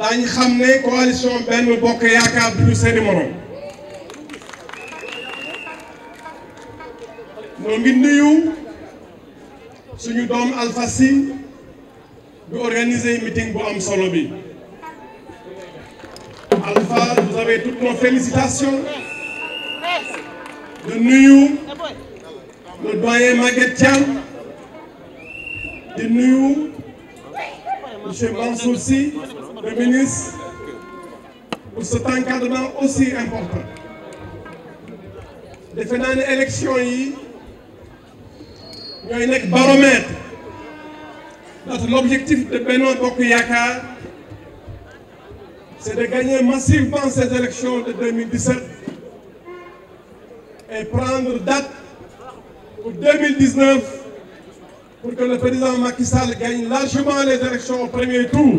dañ xamné coalition benn bokk yaakaar duñu seeni morom ngi nuyu suñu doom Alpha organiser meeting bu am solo Alpha vous avez toutes nos félicitations de nuyu le doyen Maguette de nuyu monsieur Mansour le ministre, pour cet encadrement aussi important. Les naa élections élection yi un un baromètre l'objectif de Benoît Bokk c'est de gagner massivement ces élections de 2017 et prendre date pour 2019 pour que le président Macky Sall gagne largement les élections au premier tour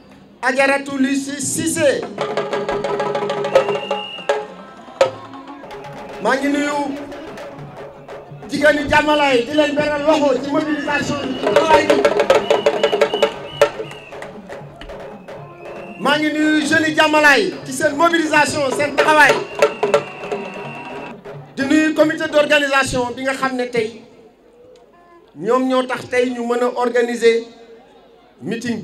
Adjaratou Lucie Cissé maa ngi nuyu jigéenu jàmmalaay di leen beral ci mobilisation du travail nuyu jeunes yi qui ci mobilisation mobilisation c'est travail. di nuyu comité d'organisation bi nga xam ne Nous ñoom ñoo tax organiser meeting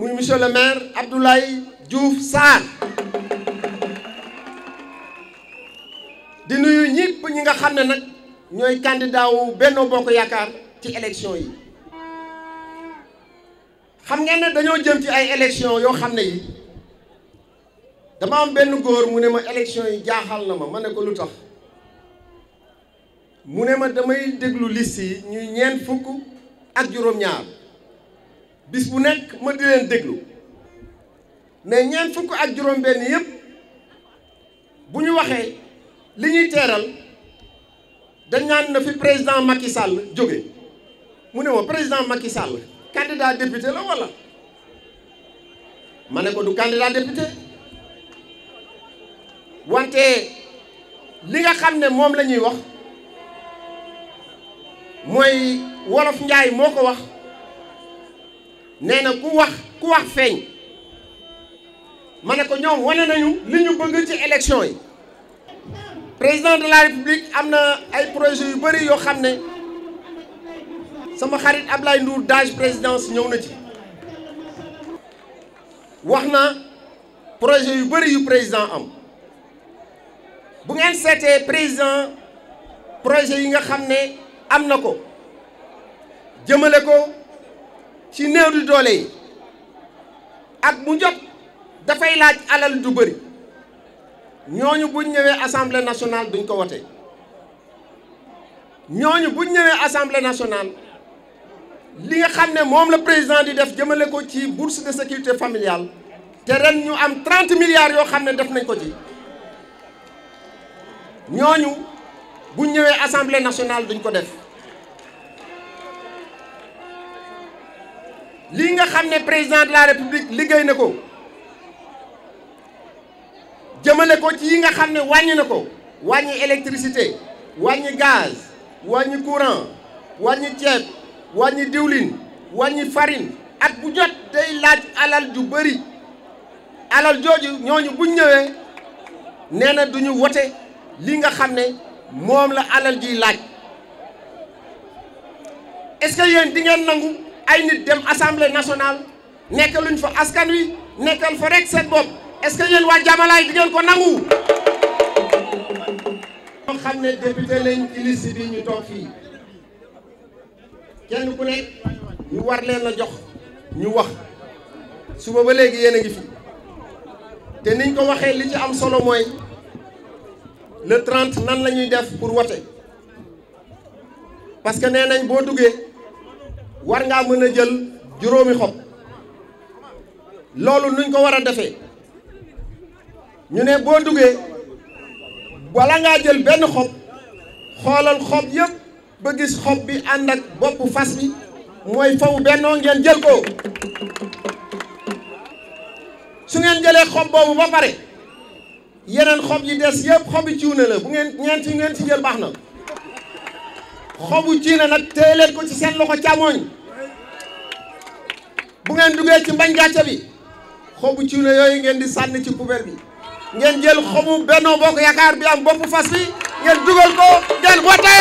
muy monsieur le maire Abdoulaye di nuyu ñëpp ñi nga xam ne nag ñooy candidat wu Benno Bokk Yaakaar ci élection yi xam ngeen ne dañoo jëm ci ay élection yoo xam ne yi dama am benn góor mu ne ma élection yi jaaxal na ma ma ne ko lu tax mu ne ma damay déglu liste yi ñuy ñeent fukk ak juróom-ñaar bis bu nekk ma di leen déglu mais ñeent fukk ak juróom-benn yëpp bu ñu waxee li ñuy teeral dañ naan na fi président Macky jóge mu ne ma président Macky Sall candidat député la wala ma ne ko du candidat député wante li nga xam ne moom la ñuy wax mooy wolof njaay moo ko wax. nee na ku wax ku wax feeñ ma ne ko ñoom wane nañu li ñu bëgg ci élection yi président de la république am na ay projet yu bëri yoo xam ne sama xarit Ablaye Ndour dage présidence ñëw na ci wax na projet yu bëri yu président am bu ngeen seetee président projet yi nga xam ne am na ko jëmale ko ci néew di doole yi at mu jot dafay laaj alal du bëri ñooñu buñ ñëwee assemblée nationale duñ ko wote ñooñu buñ ñëwee assemblée nationale li nga xam ne moom la président di def jëmale ko ci bourse de sécurité familiale te ren ñu am 30 milliards yoo xam ne def nañ ko ci ñooñu buñ ñëwee assemblée nationale duñ ko def lii nga xam ne président de la république liggéey na ko jëmale ko ci yi nga xam ne wàññi na ko wàññi électricité wàññi gaz wàññi courant wàññi ceeb wàññi diwlin wàññi farin at bu jot day laaj alal ju bëri alal jooju ñooñu buñ ñëwee nee na duñu wote li nga xam ne moom la alal jiy laaj est-ce que di ngeen nangu ay nit dem assemblée nationale nekkaluñ fa askan wi nekkal fa rek seen bopp est waa Jamalaay di ko nangu. ñoo xam ne député lañ ci liste bi ñu toog fii kenn ku nekk ñu war leen la jox ñu wax suba ba léegi yéen a ngi fi te niñ ko waxee li ci am solo mooy le 30 nan la ñuy def pour wote parce que nee nañ boo duggee. war ngaa mën a jël juróomi xob loolu nuñ ko war a defe ñu ne boo dugee wala ngaa jël benn xob xoolal xob yëpp ba gis xob bi ànd ak boppu fas bi mooy fawu bennoo ngeen jël ko su ngeen jëlee xob boobu ba pare yeneen xob yi des yëpp xobi ciw na la bu ngeen ñeent yi ngeen ci jël baax na xobu ciina nag téye leen ko ci seen loxo càmmoñ bu ngeen duggee ci mbañ gàcce bi xobu ciina yooyu ngeen di sànni ci poubelle bi ngeen jël xobu Benno Bokk Yaakaar bi am bopp fas bi ngeen dugal ko ngeen wote